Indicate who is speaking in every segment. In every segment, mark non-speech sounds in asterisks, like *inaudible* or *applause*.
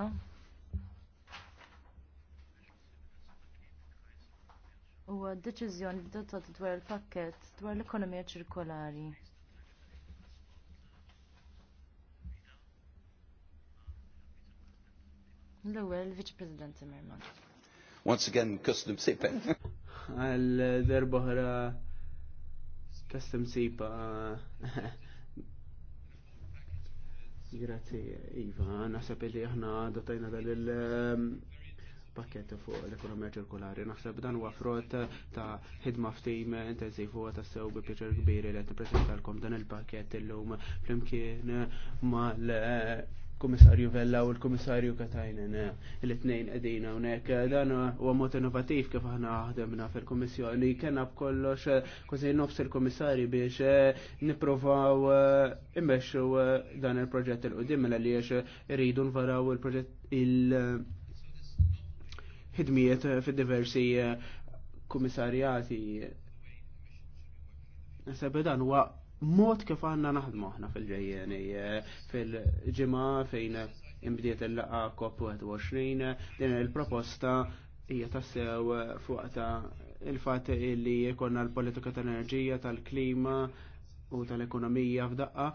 Speaker 1: Ah. U għad-deċizjoni d dottat dwar il-pakket dwar l-ekonomija ċirkolari. L-ewwel Viċi President Timmerman.
Speaker 2: Once again, custom sipa. *laughs* Għal darba ħra custom sipa *laughs* Grazie, Iva. Naħseb li aħna dotajna dal il-pakket ehm, fuq l-ekonomija ċirkolari. Naħseb dan huwa frott ta' ħidma ftim intensiv huwa ta' sew bi pjaċir kbir li qed nippresentalkom dan il-pakket illum flimkien mal- komissarju Vella u l-komissarju Katajnen l eh, itnejn edina unek eh, dan u għamot innovativ kif aħna għahdemna fil-komissjoni kena b'kollox eh, kważi nofs il komissarju biex niprovaw immexxu dan il-proġett il-qudiem mela li rridu nvaraw il-proġett il-ħidmijiet fid-diversi komissarjati. Sebe dan huwa mod kif għanna naħdmu aħna fil-ġejjeni fil-ġimgħa fejn imbdiet il-laqa COP21 din il-proposta hija tassew fuq ta' il-fatt li jkollna l-politika tal-enerġija tal-klima u tal-ekonomija f'daqqa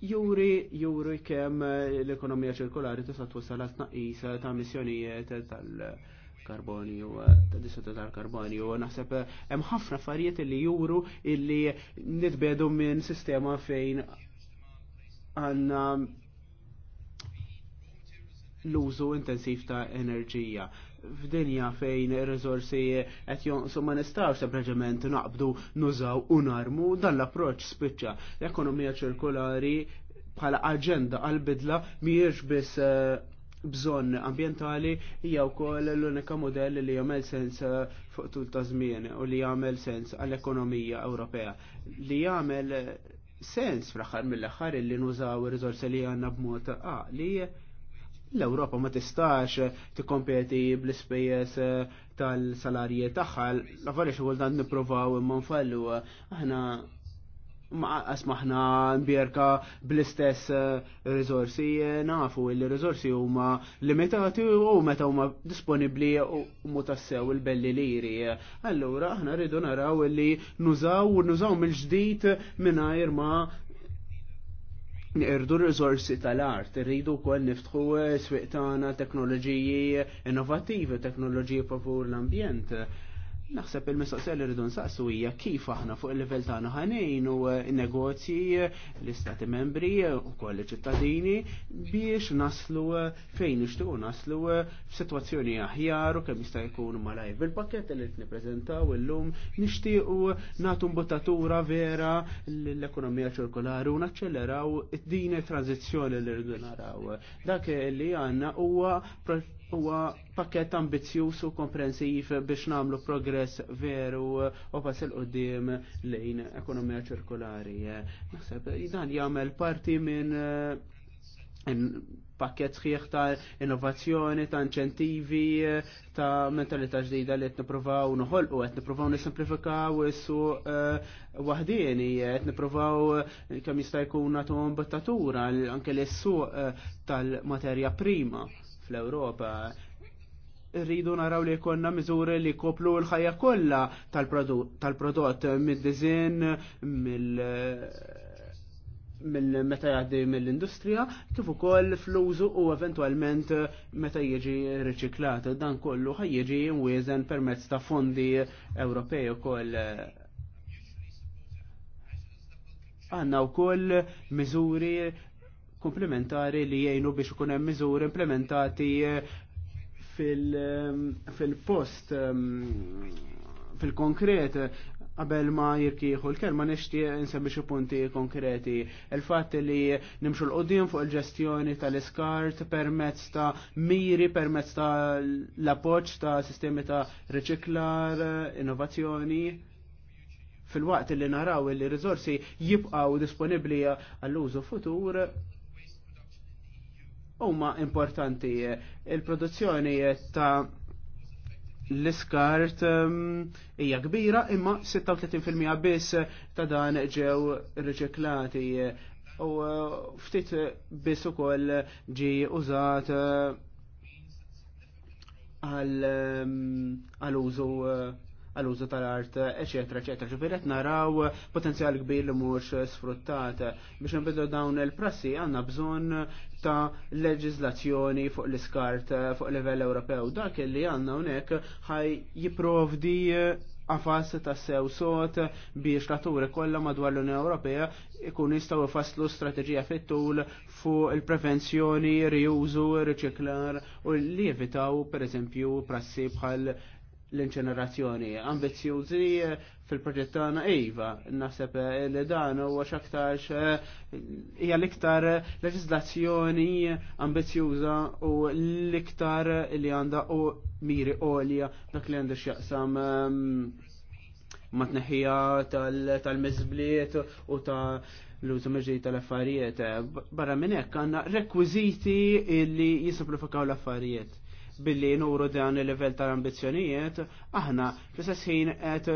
Speaker 2: juri juri kemm l-ekonomija ċirkolari tista' twassal għat tnaqqis ta' missjonijiet tal- karbonju, ta' dissotu tal u naħseb eh, hemm ħafna affarijiet li juru illi nitbedu minn sistema fejn għanna l-użu intensiv ta' enerġija. F'dinja fejn ir-riżorsi qed jonqsu ma nistgħux sempliċement naqbdu nużaw u narmu dan l-approċċ spiċċa. L-ekonomija ċirkolari bħala aġenda għal-bidla mhijiex biss eh, bżonn ambjentali hija wkoll l-unika modell li jagħmel sens eh, fuq tul ta' żmien u li jagħmel sens għall-ekonomija Ewropea. Li jagħmel eh, sens fl-aħħar mill-aħħar li nużaw ir-riżorsi li għandna b'mod li l-Ewropa ma tistax eh, tikkompeti bl-ispejjeż tal-salarji tagħha, l-affarijiet xogħol dan nippruvaw imma nfallu aħna asmaħna mbjerka bl-istess eh, rizorsi eh, nafu il rizorsi huma limitati u meta huma disponibbli u mutassew il-belli liri. Allura aħna rridu naraw li nużaw u nużaw mill-ġdid mingħajr ma Irdu r-rizorsi tal-art, rridu kol niftħu eh, s teknoloġiji innovativi, teknoloġiji favur l-ambjent. Naħseb il-mistoqsija li rridu nsaqsu hija kif aħna fuq il-livell tagħna ħanejn u negozji l-istati membri u koll ċittadini biex naslu fejn nixtiequ naslu f'sitwazzjoni aħjar u kemm jista' jkun malajr. Bil-pakket li qed nippreżentaw illum nixtiequ nagħtu mbuttatura vera l-ekonomija ċirkolari u naċċeleraw din it-tranzizzjoni li rridu naraw. Dak li għandna huwa huwa pakket ambizzjuż u komprensiv biex nagħmlu progress veru u pass qudiem lejn ekonomija ċirkolari. Naħseb dan jagħmel parti minn eh, pakket sħiħ ta' innovazzjoni, ta' inċentivi, ta' mentalità ġdida li qed nippruvaw noħolqu, qed nippruvaw nisimplifikaw is-suq eh, waħdieni, qed nippruvaw kemm jista' jkun nagħtuhom bottatura anke s suq eh, tal-materja prima fl-Ewropa rridu naraw li konna miżuri li koplu l-ħajja kollha tal-prodott mid-dizin mill mill-meta jgħaddi mill-industrija, kif ukoll fl-użu u eventwalment meta jiġi riċiklat. Dan kollu ħajjiġi mwiesen permezz ta' fondi Ewropej ukoll. Għanna wkoll miżuri komplementari li jgħinu biex ikun hemm miżur implementati eh, eh, fil-post eh, fil-konkret qabel ma jirkieħu l-kelma nixtieq insemmi xi punti konkreti. Il-fatt li nimxu l-qudiem fuq il-ġestjoni tal-iskart permezz ta' miri, permezz ta' l-appoġġ ta' sistemi ta' riċiklar, innovazzjoni fil-waqt li naraw li rizorsi jibqaw disponibli għall-użu futur huma importanti. Eh, il-produzzjoni eh, ta' l-iskart ehm, hija kbira imma 36% biss ta' dan ġew riċiklati eh, u ftit biss ukoll ġi użat ehm, għal użu għal-użu tal-art, eccetera, eccetera. Ġifiret naraw potenzjal kbir li mhux sfruttat. Biex nbidu dawn il-prassi għandna bżonn ta' leġizlazzjoni fuq l-iskart fuq livell Ewropew. Dak li għandna hawnhekk ħaj jipprovdi għafas ta' sew sot biex l turi kollha madwar l-Unjoni Ewropea ikun jistgħu jfasslu strateġija fit-tul fuq il-prevenzjoni, riużu, riċiklar u li jevitaw eżempju prassi bħal l-inċenerazzjoni. Ambizjużi eh, fil-proġett tagħna iva, naħseb eh, li dan huwa x'aktarx eh, hija l-iktar leġislazzjoni ambizjuża u l-iktar li għandha u miri għolja dak li għandu x'jaqsam ehm, ma tneħħija tal-miżbliet u ta' l-użu meġi tal-affarijiet. Barra minn hekk għandna rekwiżiti li jisimplifikaw l-affarijiet billi nuru dan il-level tal-ambizjonijiet, aħna fl-istess ħin qed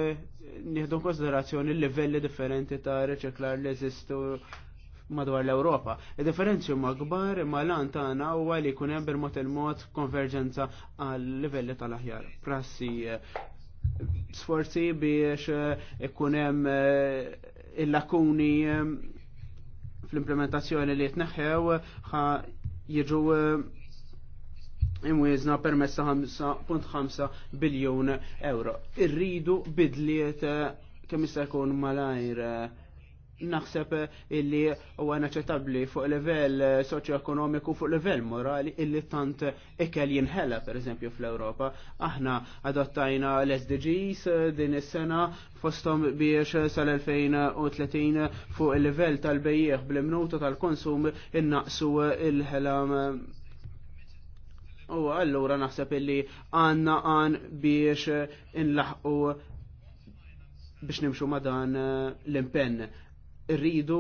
Speaker 2: nieħdu konsiderazzjoni l-livelli differenti ta' riċiklar li eżistu madwar l-Ewropa. Il-differenzi huma kbar imma lan tagħna huwa li jkun hemm bil-mod il-mod konverġenza għal livelli tal-aħjar. Prassi sforzi biex ikun hemm eh, il-lakuni eh, fl-implementazzjoni li tneħħew jiġu eh, imwizna permessa 5.5 biljon euro. Irridu bidliet eh, kemm se jkun malajr eh, naħseb eh, illi huwa naċċettabbli fuq livell soċjoekonomiku fuq livell morali illi tant ikel jinħela pereżempju fl-Ewropa. Aħna adottajna l-SDGs din is-sena fosthom biex sal-2030 fuq il-livell tal-bejjeħ bl-imnuta tal-konsum innaqsu il-ħelam U allura naħseb illi għanna għan biex eh, inlaħqu biex nimxu ma dan eh, l-impenn. Rridu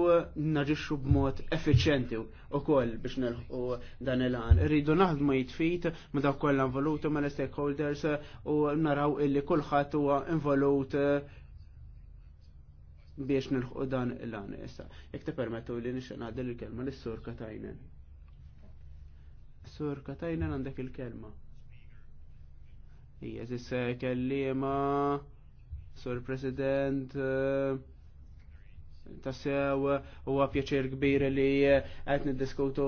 Speaker 2: naġixxu b'mod effiċenti u koll biex nilħu dan il-għan. Rridu naħdmu jitfit ma dak kollha involuti ma l-stakeholders eh, u naraw illi kulħadd huwa involut biex nilħu dan il għan Issa, jek te permettu li nixen għadil il-kelma l-sur Katajnen. Sur Katajna għandek il-kelma. Ija, zis eh, kellima, Sur President, eh, tassew u pjaċir kbir li għetni eh, niddiskutu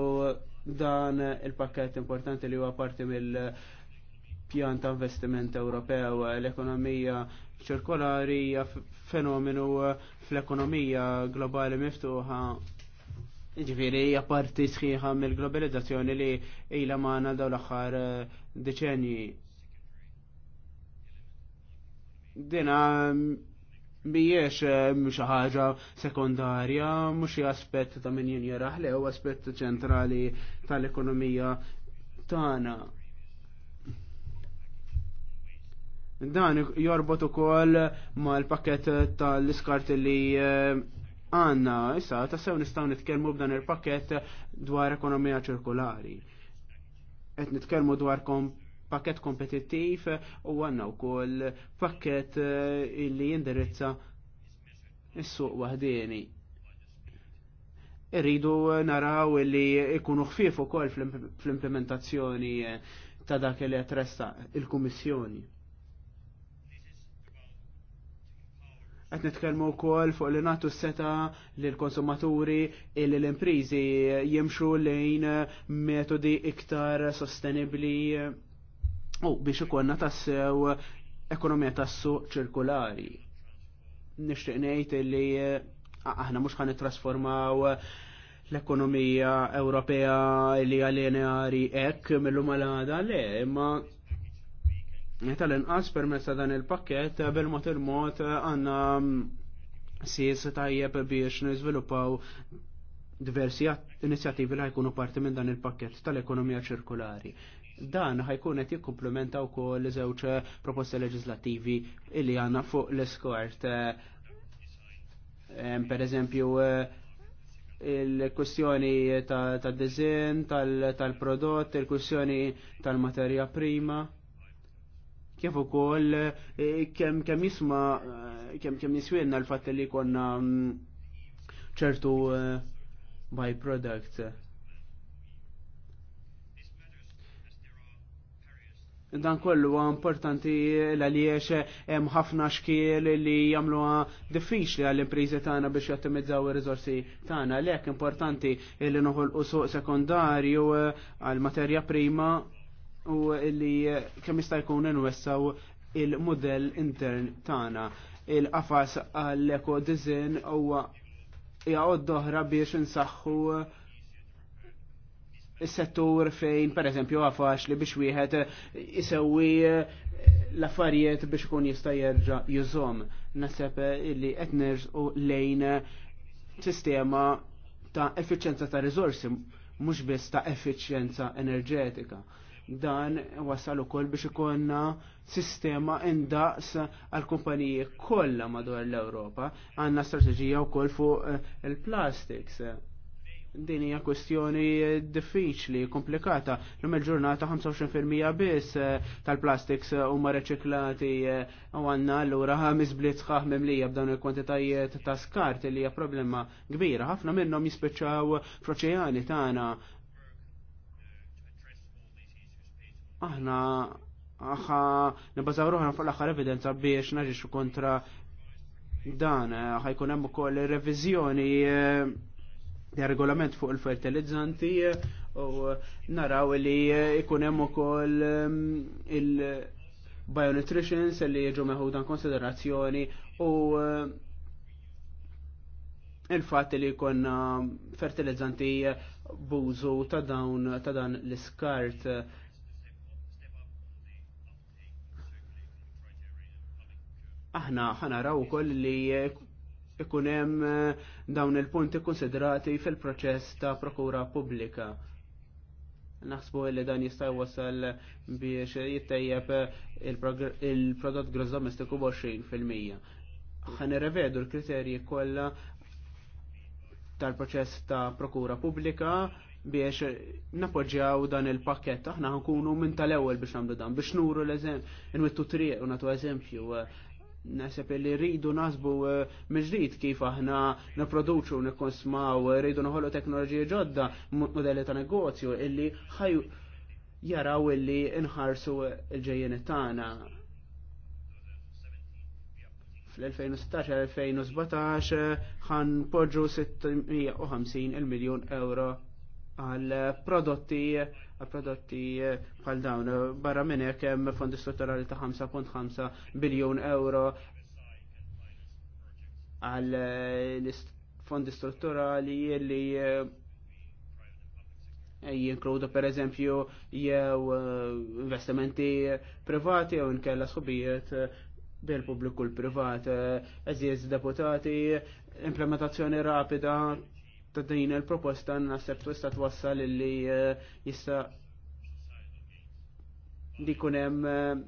Speaker 2: dan il-pakket importanti li huwa parti mill-pjan ta' investiment Ewropew l-ekonomija ċirkolari fenomenu fl-ekonomija globali miftuħa Ġifiri, hija parti sħiħa mill-globalizzazzjoni li ila maħna daw l-axħar eh, deċenji. Dina biex eh, mux ħaġa sekundarja, mux aspett ta' min jinjeraħ li u aspett ċentrali tal-ekonomija tagħna. Dan jorbot ukoll mal-pakket tal-iskart li eh, għanna, issa, ta' sew nistaw nitkelmu b'dan il-pakket dwar ekonomija ċirkolari. Et nitkelmu dwar kom pakket kompetittiv u għanna u koll pakket eh, illi jindirizza il-suq wahdini. Irridu naraw illi ikunu xfif u koll fl-implementazzjoni eh, ta' dak li jatresta il-Kummissjoni. Għet nitkelmu kol fuq li natu s-seta li l-konsumaturi illi l-imprizi jimxu lejn metodi iktar sostenibli u biex ikonna tassew ekonomija tassu ċirkulari. Nishtiq ngħid li aħna mhux ħan nittrasformaw l-ekonomija Ewropea li għalineari ek mill-lumalada le, imma tal-inqas ta' dan il-pakket bil-mot il-mot għanna mm, sis tajjeb biex nizviluppaw diversi inizjattivi li ħajkunu parti minn dan il-pakket tal-ekonomija ċirkulari. Dan ħajkun qed jikkumplementa wkoll żewġ proposti leġislattivi li għandna fuq l iskort Per eżempju, il-kwestjoni ta' dizin, tal-prodott, il-kwestjoni tal-materja prima kif ukoll eh, kemm kemm jisma eh, kemm kemm niswienna l-fatt li konna mm, ċertu eh, by product. Dan kollu huwa importanti l għaliex hemm ħafna xkiel li jagħmluha diffiċli għall-impriżi tagħna biex jottimizzaw ir-riżorsi tagħna. Lek importanti li noħolqu suq sekondarju għal materja prima u li kemm jista' jkun inwessaw il-modell intern tagħna. Il-qafas għall eco design huwa jgħod doħra biex insaħħu is-settur fejn pereżempju għafax li biex wieħed jisewi l-affarijiet biex ikun jista' jerġa' jużhom. Naseb li qed u lejn sistema ta' effiċjenza ta' riżorsi mhux biss ta' effiċjenza enerġetika dan wasal ukoll biex ikonna sistema indaqs għal kumpaniji kollha madwar l-Ewropa għandna strateġija wkoll fuq eh, il-plastics. Din hija kwestjoni diffiċli, komplikata. Lum il-ġurnata 25% biss eh, tal-plastics huma reċiklati eh, u għandna allura ħames bliet sħaħ mimlija b'dawn il-kwantitajiet ta' skart li hija problema kbira. Ħafna minnhom jispiċċaw f'oċeani tagħna aħna aħna nibbażaw ruħna fuq l-aħħar evidenza biex naġixxu kontra dan jkun hemm ukoll reviżjoni ta' eh, regolament fuq il-fertilizzanti eh, u naraw li jkun eh, hemm ukoll il-bionutritions li jiġu meħudan konsiderazzjoni u il-fatt li jkun fertilizzanti bużu ta' dawn ta' dan l-iskart aħna ħanaraw ukoll li ikun hemm eh, dawn il-punti konsiderati fil-proċess ta' prokura pubblika. Naħsbu li dan jista' wasal biex jittejjeb eh, il-prodott gross domestiku b'20 fil-mija. Ħan irrevedu l-kriterji kollha tal-proċess ta' prokura pubblika biex napoġġjaw dan il-pakket aħna ħankunu minn tal-ewwel biex nagħmlu dan biex nuru l-eżempju, nwittu triq u nagħtu eżempju eh, Nasib li rridu nasbu eh, mġrid kif aħna naproduċu, nikonsmaw, eh, rridu noħolu teknoloġija ġodda, modelli ta' negozju, illi ħaj jaraw illi inħarsu eh, il-ġejjen tagħna. Fl-2016-2017 ħan poġġu 650 miljun miljon euro għal prodotti għal prodotti bħal dawn. Barra minn hekk hemm fondi strutturali ta' 5.5 biljun euro għal fondi strutturali li eh, jinkludu per eżempju jew eh, investimenti privati jew nkella sħubijiet eh, bil pubbliku l-privat, eżiez deputati, implementazzjoni rapida ta' din il-proposta naħseb tista' twassal eh, li jista' dikun hemm eh,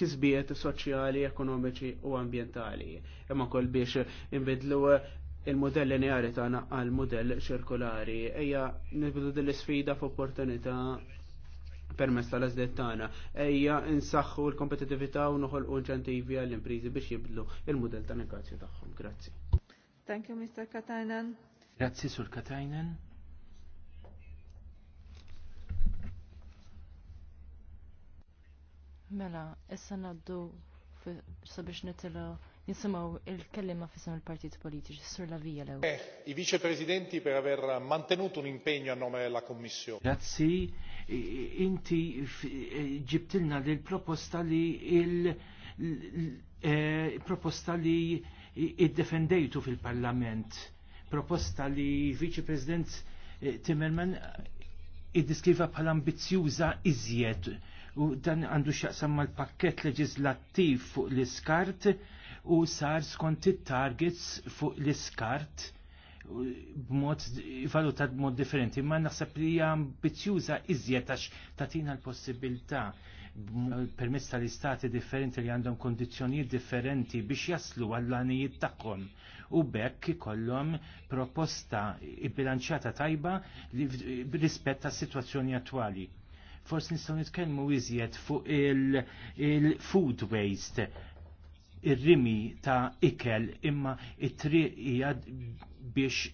Speaker 2: kisbiet soċjali, ekonomiċi u ambjentali. Imma kol biex inbidlu eh, il-modell lineari tagħna għal modell ċirkolari. Ejja nibdu din l-isfida f'opportunità permess tal-azdet tagħna. Ejja nsaħħu l-kompetitività u noħolqu inċentivi għall-imprizi biex jibdlu il-modell ta' negozju tagħhom. Grazzi.
Speaker 1: Thank you, Mr. Katainen.
Speaker 3: Grazzi sur Katainen.
Speaker 1: Mela, issa naddu sabiex nitilu nisimaw il-kellima fissam il-partit politiċi, sur la vija lew. Eh,
Speaker 3: I vicepresidenti per
Speaker 1: aver mantenuto un impegno a nome della Commissione.
Speaker 3: Grazzi,
Speaker 1: inti
Speaker 3: eh, ġibtilna l-proposta li il-proposta eh, li id-defendejtu fil-parlament proposta li Viċi President eh, Timmerman eh, id-diskriva bħala ambizjuza iżjed u dan għandu xaqsam mal-pakket leġislattiv fuq l-iskart u sar skont it-targets fuq l-iskart b'mod valutat b'mod differenti, ma naħseb li hija iżjed għax tatina l-possibilità permezz tal-istati differenti li għandhom kondizjonijiet differenti biex jaslu għall-għanijiet tagħhom u bekk kollom proposta bilanċjata tajba rispetta tas situazzjoni attwali. Forsi nistgħu nitkellmu iżjed fuq il-food il waste ir-rimi ta' ikel imma it-triq hija biex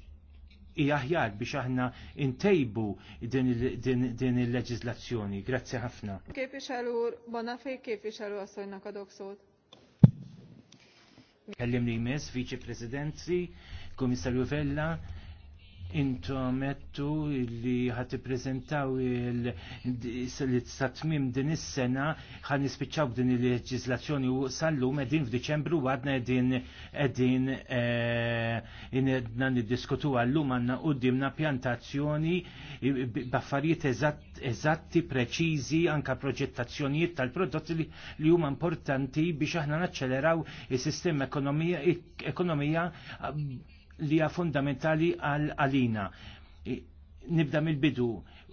Speaker 3: jaħjar biex aħna intejbu din il-leġizlazzjoni. Grazzi ħafna.
Speaker 1: bona fej, Bonafé képviselő asszonynak adok szót.
Speaker 3: Kellimni jmiss, Viċi Presidenti, Komissarju Vella, Intomettu li ħat prezentaw il-satmim din is-sena ħan nispiċċaw din il-leġizlazzjoni u sallum edin f'Diċembru għadna edin edin edin eh, diskutu għallum għanna u dimna pjantazzjoni baffariet eżatti preċizi anka proġettazzjonijiet tal-prodotti li huma importanti biex aħna naċċeleraw is-sistema ekonomija li hija fundamentali għal għalina. Nibda mill-bidu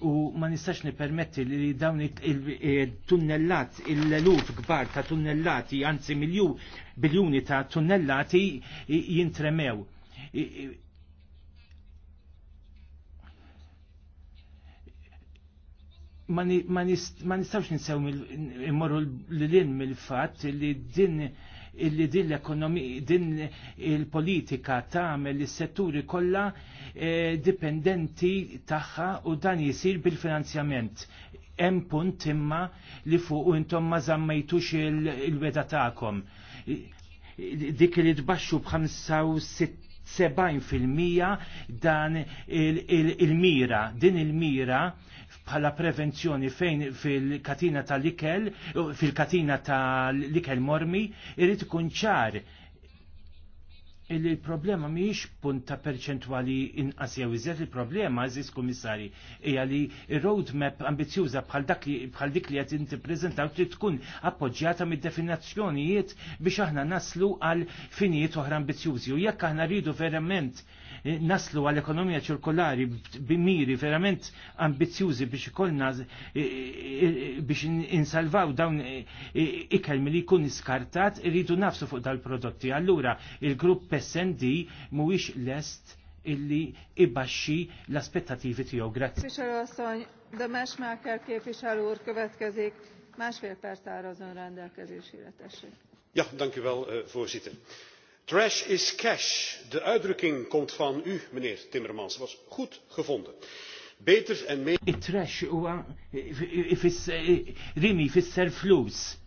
Speaker 3: u ma nistax nipermetti li dawn il-tunnellat, e, il-luf kbar ta' tunnellati, anzi milju biljuni ta' tunnellati jintremew. ma nistawx ninsew immorru l-lin mill-fat li din illi din l-ekonomija, din il-politika tagħmel is-setturi kollha eh, dipendenti tagħha u dan jisir bil-finanzjament. Hemm punt imma li fuq intom ma żammejtux il-weda tagħkom. Dik li tbaxxu b'75 70% dan il-mira, din il-mira bħala prevenzjoni fejn fil-katina tal-ikel, fil-katina tal-ikel mormi, irrid ikun ċar il-problema miex punta perċentwali inqas jew iżjed il-problema għażiż kummissari hija li roadmap ambizjuża bħal dak li bħal dik li qed inti ppreżentaw trid tkun appoġġjata mid-definizzjonijiet biex aħna naslu għal finijiet oħra ambizjużi u jekk aħna rridu verament naslu għal ekonomija ċirkolari b'miri verament ambizjużi biex ikollna biex insalvaw dawn ikelmi li jkun iskartat rridu nafsu fuq dal-prodotti. Allura il-grupp SND mhuwiex lest illi ibaxxi l-aspettativi tiegħu. Grazzi.
Speaker 1: Képviselőasszony, de Mesmáker képviselő úr következik. Másfél perc áll az ön rendelkezésére, tessék.
Speaker 2: Ja, dankjewel, u eh, voorzitter. Trash is cash. De uitdrukking komt van u, meneer Timmermans. Was
Speaker 3: goed gevonden. Beter en meer. Trash huwa rimi fisser flus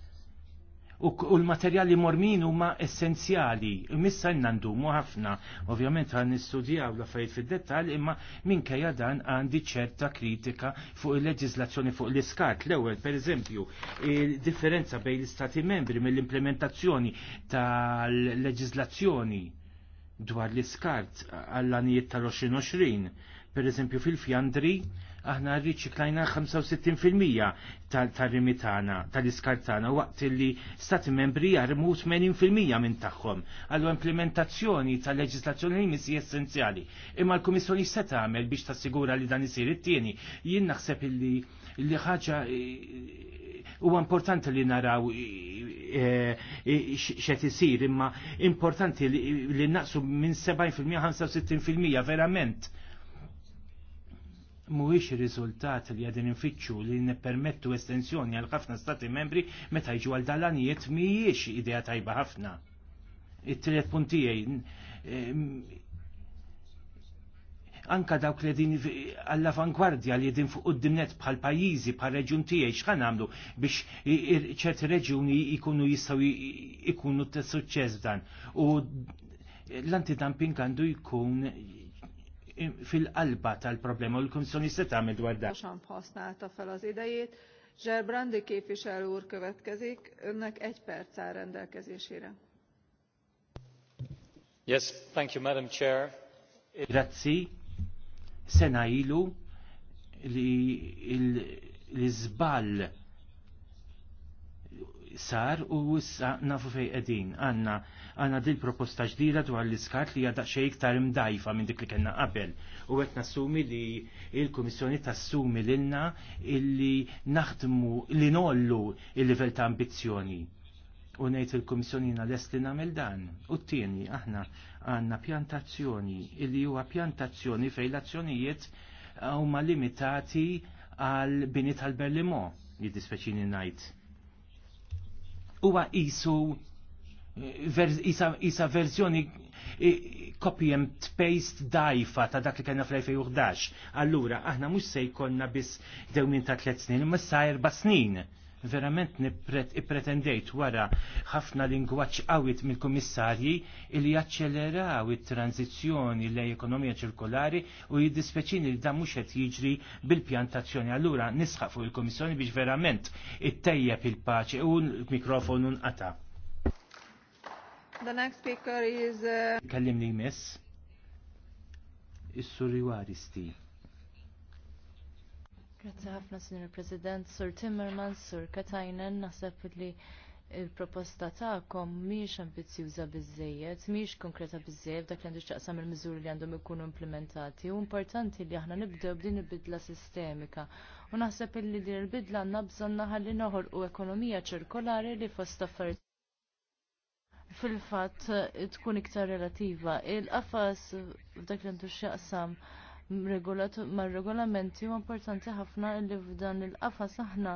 Speaker 3: u l-materjali mormin huma essenzjali. Missa nandumu ħafna, ovvjament għan nistudjaw la fajt fil-dettal, imma minkejja dan għandi ċerta kritika fuq il-leġizlazzjoni fuq l-iskat. L-ewel, per eżempju, il-differenza bejn l-istati membri mill-implementazzjoni tal-leġizlazzjoni dwar l-iskart għall-anijiet tal-2020. Per eżempju, fil-Fjandri, aħna riċiklajna 65% tal-rimitana, tal-iskartana, waqt li stati membri jarmu 80% minn tagħhom. Għallu implementazzjoni tal-leġislazzjoni li missi essenzjali. Imma l-Komissjoni se tagħmel biex tassigura li dan isir it-tieni. Jien naħseb li li ħaġa huwa importanti li naraw xed isir imma importanti li naqsu minn 70% 65% verament mhuwiex ir-riżultat li għadin infittxu li nippermettu estensjoni għal ħafna stati membri meta jġu għal dalanijiet mhijiex idea tajba ħafna. It-tielet puntijaj anka dawk li din għall-avangwardja li din fuq dimnet bħal pajjiżi bħal reġjun tiegħi xħan għamlu biex ċerti reġuni jkunu jistgħu jkunu t suċċess dan. U l-antidumping għandu jkun fil-qalba tal-problema u l-Komissjoni se tagħmel dwar dan.
Speaker 1: Xan használta fel az idejét. Zserbrandi képviselő úr következik, önnek egy perc áll rendelkezésére.
Speaker 3: Yes, thank you, Madam Chair. Grazzi, sena ilu li l-izbal sar u issa nafu fej qegħdin. Għandna għandna dil proposta ġdida dwar l-iskart li għadha xejn iktar imdajfa minn dik li kellna qabel. U qed nassumi li l-Kummissjoni tassumi lilna illi naħdmu li nollu il-livell ta' ambizzjoni. U ngħid il-Kummissjoni na est li nagħmel dan. U t-tieni aħna għandna pjantazzjoni illi huwa pjantazzjoni fejn l-azzjonijiet huma limitati għal bini tal-Berlimo, jiddispeċini ngħid huwa isu eh, isa, verżjoni eh, copy and paste dajfa ta' dak li kellna fl-2011. Allura, aħna mhux se jkollna biss dewmin ta' tliet snin, imma sa' erba' snin verament nipretendejt wara ħafna lingwaċ għawit mill-kummissarji li jaċċeleraw it-tranzizzjoni lejn ekonomija ċirkolari u jiddispeċini li dan mhux qed jiġri bil-pjantazzjoni. Allura nisħaq fuq il-Kummissjoni biex verament ittejjeb il-paċi u l-mikrofonu nqata.
Speaker 1: The next speaker is... Uh,
Speaker 3: Kallimni jmess. is waristi.
Speaker 1: Grazie ħafna, Signor President, Sur Timmermans, Sur Katajnen, naħseb li il-proposta ta'kom miex ambizjuża biżejjed, miex konkreta biżejjed dak li għandu il-miżuri li għandhom ikunu implementati. U importanti li aħna nibdew b'din il-bidla sistemika. U naħseb li din il-bidla għandna bżonn ħalli u ekonomija ċirkolari li fost affarijiet fil-fat tkun iktar relativa. Il-qafas f'dak li għandu x'jaqsam mar-regolamenti u importanti ħafna li f'dan il-qafas aħna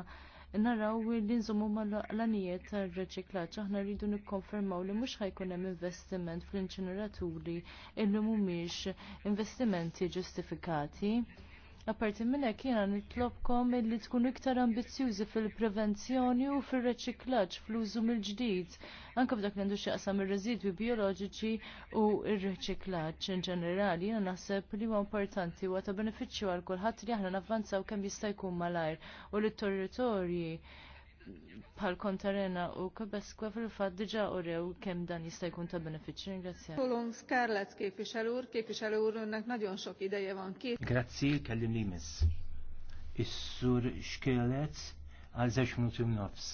Speaker 1: naraw li nżommu mal-lanijiet tar-reċiklaġġ aħna rridu nikkonfermaw li mhux ħajkun hemm investiment fl-inċineraturi illi mhumiex investimenti ġustifikati. Apparti minn hekk jiena nitlobkom illi tkun iktar ambizzjużi fil-prevenzjoni u fil-reċiklaġġ fl-użu mill-ġdid, anke f'dak li għandu x'jaqsam ir-residwi bioloġiċi u r-reċiklaġġ in ġenerali. Jiena naħseb li huwa importanti huwa ta' benefiċċju għal kulħadd li aħna navvanzaw kemm jista' jkun malajr u li t-territorji bħal kontarena u kabeskwa fil-fat diġa u rew kem dan jista' jkun ta' benefiċċju. Ringrazzja. Kolum Scarlett képviselő úr, képviselő úr, önnek nadjon xok ideje van kif.
Speaker 3: Grazzi, kellim li mis. Issur xkelet għal zeċ minuti nofs.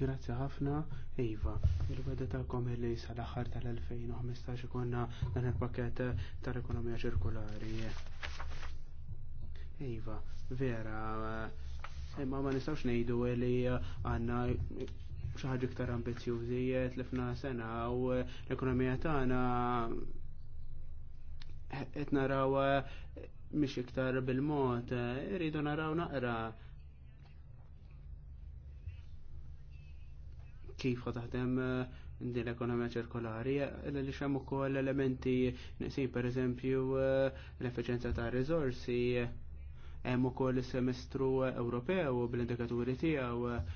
Speaker 2: Grazie ħafna, Eva. Il-beda ta'kom li sal axar tal-2015 konna dan il paket tal-ekonomija ċirkolari. Iva, vera, eh, imma ma nistawx nejdu li eh, għanna xaħġa iktar ambizjużi, eh, tlifna sena u l-ekonomija tagħna qed naraw mhix iktar bil-mod, irridu naraw naqra kif taħdem din l-ekonomija ċirkolari, li xem ukoll elementi nisim pereżempju l-efficienza ta' risorsi hemm ukoll is-semestru Ewropew bl-indikaturi tiegħu eh,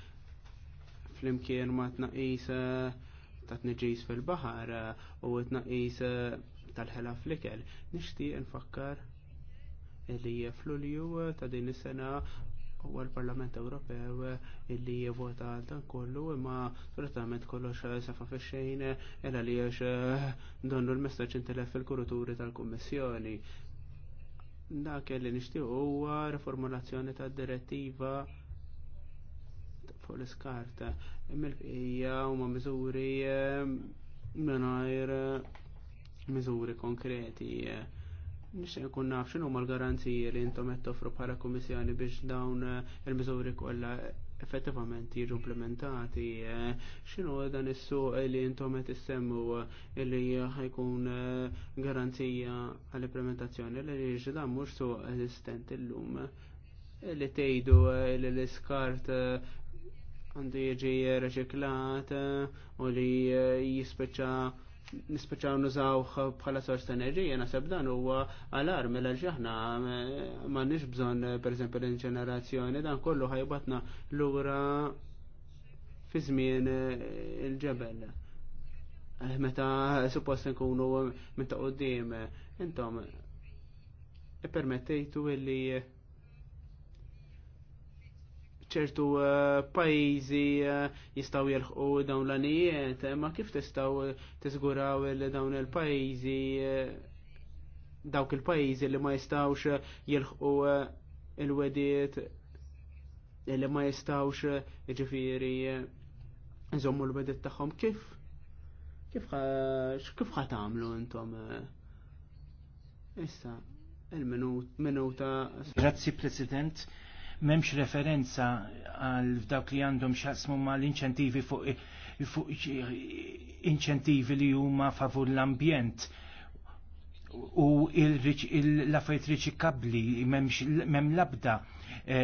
Speaker 2: flimkien ma tnaqis eh, ta' tniġis fil-baħar eh, u tnaqis tal-ħela fl-ikel. Nixtieq nfakkar illi fl-ulju ta' din is-sena huwa l-Parlament Ewropew illi jivvota dan kollu imma trattament kollox sefa fix-xejn illa li għax donnu l-messaġġ intilef fil-kuruturi tal-Kummissjoni dak li nixtieq huwa riformulazzjoni tad direttiva fuq l-iskarta. Mill-bqija huma miżuri eh, mingħajr eh, miżuri konkreti. Nixtieq nkun naf x'inhuma l-garanziji li intom qed toffru bħala Kummissjoni biex dawn eh, il-miżuri kollha effettivament jiġu implementati. Eh, X'inhu dan is-suq li intom qed issemmu eh, li ħajkun eh, garanzija għall-implementazzjoni li jiġu dan mhux suq eżistent illum li tgħidu li l-iskart għandu jiġi reċiklat u li jispeċa nispiċaw nużawħ bħala sors enerġija, nasab dan huwa alarm l ġaħna ma bżonn bżon per eżempju l-inġenerazzjoni, dan kollu ħajbatna lura fi żmien eh, il-ġebel. Eh, meta suppost nkunu minn ta' qudiem, eh, intom permettejtu illi ċertu eh, pajjiżi eh, jistgħu jelħu dawn l-anijiet, eh, ma kif tistgħu tiżguraw li dawn il-pajjiżi dawk il-pajjiżi li ma jistgħux jelħu il-wediet li ma jistgħux ġifiri nżommu l wediet tagħhom kif kif
Speaker 3: kif ħatamlu intom
Speaker 2: issa il-minuta.
Speaker 3: Grazzi President memx referenza għal f'dawk li għandhom xasmu ma l-inċentivi fuq fu inċentivi li huma favur l-ambjent u l-affajt riċikabli mem labda e,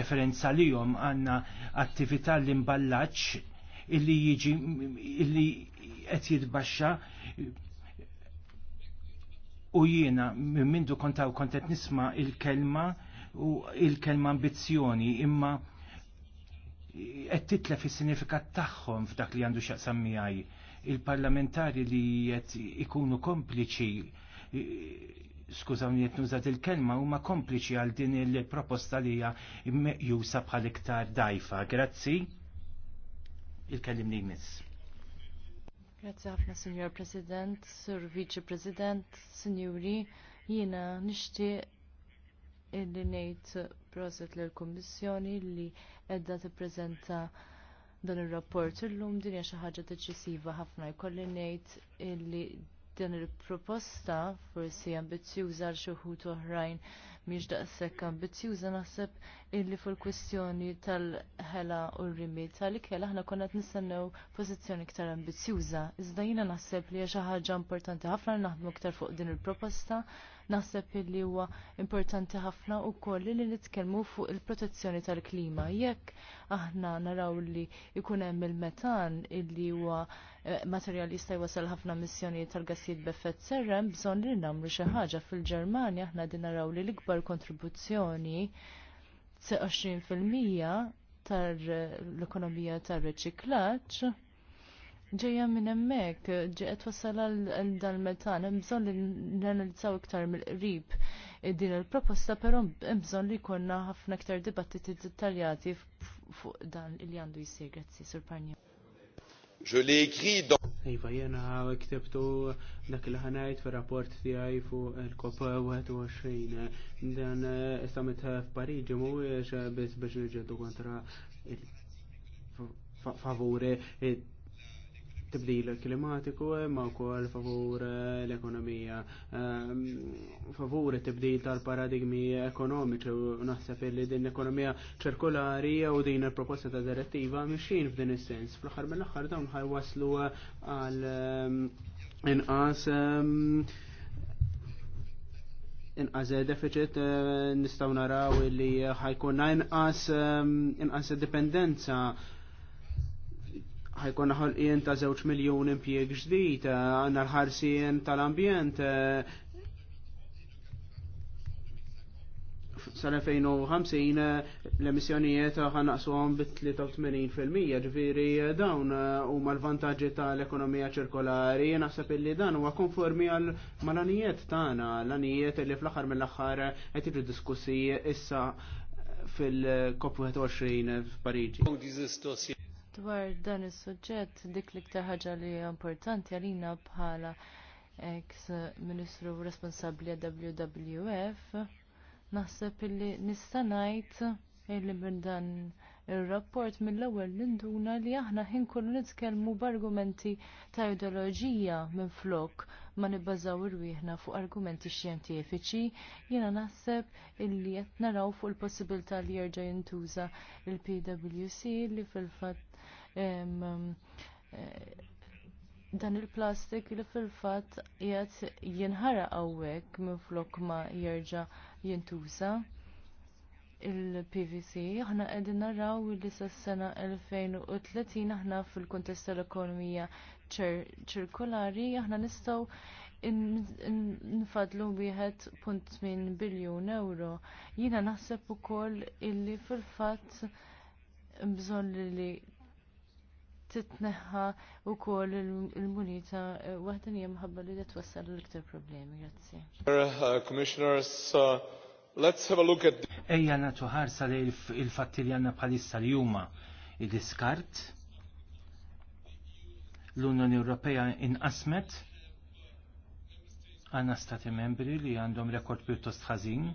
Speaker 3: referenza li jom għanna attività l-imballaċ illi jiġi illi qed jitbaxxa u jiena minn mindu kontaw kontet nisma il-kelma u il-kelma ambizzjoni imma qed titlef is-sinifikat tagħhom f'dak li għandu x'aqsam miegħi. Il-parlamentari li qed ikunu kompliċi skużawni jett nużat il-kelma huma kompliċi għal din il-proposta li hija meqjusa bħal iktar dajfa. Grazzi. Il-kellimni miss.
Speaker 1: Grazzi ħafna, Signor President, Sur Vice President, Signori, jiena nixtieq illi ngħid proset lill kummissjoni li qiegħda tippreżenta dan ir-rapport illum din hija xi ħaġa deċisiva ħafna jkolli ngħid illi din il-proposta forsi ambizzjuża għal xi wħud oħrajn mhix daqshekk ambizzjuża naħseb illi fuq kwistjoni tal-ħela u r-rimi tal-ikel aħna konna qed nistennew pożizzjoni iktar ambizzjuża. Iżda jiena naħseb li hija xi ħaġa importanti ħafna li naħdmu iktar fuq din il-proposta Naħseb li huwa importanti ħafna wkoll li nitkellmu fuq il-protezzjoni tal-klima. Jekk aħna naraw li jkun hemm il-metan illi huwa eh, materjal jista' jwasal ħafna missjoni tal-gassijiet b'effett serra, bżonn li nagħmlu xi ħaġa fil-Ġermanja aħna din naraw li l-ikbar kontribuzzjoni 20% tal-ekonomija tar riċiklaġġ ġeja minn hemmhekk, ġeqet wassal għal dal-metan, hemm bżonn li nanalizzaw iktar mill-qrib din il-proposta, pero hemm li konna ħafna iktar dibattiti dettaljati fuq dan il għandu jsir, grazzi, Sur Parnja.
Speaker 2: Je l'ai écrit dans... Iva, jena ktibtu dak li ħanajt fi rapport ti għaj fu il kop 21. Dan istamet f'Pariġi mu biss biex nġeddu kontra il favore tibdil klimatiku ma wkoll favur eh, l-ekonomija. Ehm, favur tibdil tal-paradigmi ekonomiċi u naħseb li din l ekonomija ċirkolari u din il-proposta ta' direttiva mixin f'din is-sens. Fl-aħħar mill-aħħar dawn ħajwaslu għal ehm, inqas ehm, inqas deficit eh, nistgħu naraw li ħajkun inqas inqas dipendenza ħajkun ħolqien ta' żewġ miljon impjieg ġdid, eh, għandna l-ħarsien tal-ambjent. Eh, sal-2050 eh, l-emissjonijiet għom bit-83% ġviri dawn huma l-vantaġġi tal-ekonomija ċirkolari naħseb illi dan huwa konformi għal mal-anijiet tagħna, l-anijiet li fl-aħħar mill-aħħar qed jiġu diskussi issa fil-COP21 f'Pariġi
Speaker 1: dwar dan is-suġġett dik l-iktar ħaġa li importanti għalina bħala ex ministru responsabbli WWF naħseb illi nista' ngħid illi minn dan ir-rapport mill-ewwel linduna li aħna ħin kollu nitkellmu b'argumenti ta' ideoloġija minn flok ma nibbażaw irwieħna fuq argumenti xjentifiċi, jiena naħseb illi qed naraw fuq il-possibilità li jerġa' jintuża il-PWC li fil-fatt Eh, dan il-plastik li fil-fat jgħat jinħara għawek minn flok ma jirġa jintuża il-PVC, aħna qegħdin naraw li sas-sena 2030 aħna fil-kuntest tal-ekonomija ċirkolari aħna nistgħu nfadlu wieħed punt minn biljun euro. Jiena naħseb ukoll illi fil-fatt bżonn li titneħħa wkoll il-munita eh, waħda hija mħabba li t-wassal l-iktar problemi. Grazzi.
Speaker 2: Uh, commissioners, uh,
Speaker 3: let's have a look at Ejja natu ħarsa li il-fatti li għanna bħalissa li huma id-diskart l-Unjoni Ewropea inqasmet għandna stati membri li għandhom rekord pjuttost ħażin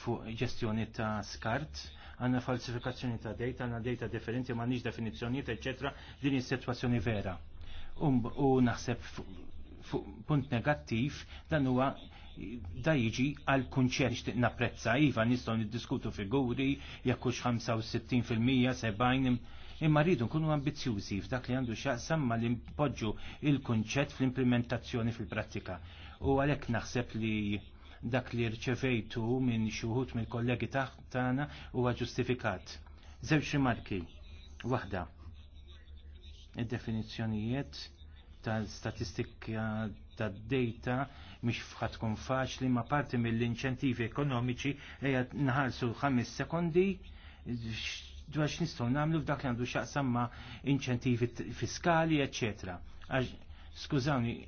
Speaker 3: fuq ġestjoni ta' skart għandna falsifikazzjoni ta' data, għandna data differenti, ma' nix definizjoniet, eccetera, din is situazzjoni vera. Um, u naħseb fuq punt negattiv dan huwa da jiġi għal kunċerġ naprezza, napprezza iva nistgħu niddiskutu figuri jekk hux 65% 70 imma rridu nkunu ambizzjużi f'dak li għandu x'aqsam ma li npoġġu il-kunċett fl-implementazzjoni fil-prattika. U għalhekk naħseb li dak li rċevejtu minn xuħut mill kollegi taħtana huwa ġustifikat. Żewġ rimarki. Waħda. Id-definizzjonijiet ta' statistika tad-data mhix fħat tkun faċli ma parti mill-inċentivi ekonomiċi ejja nħarsu 5 sekondi dwar x'nistgħu nagħmlu f'dak li għandu x'aqsam ma' inċentivi fiskali, eccetera. Għax skużawni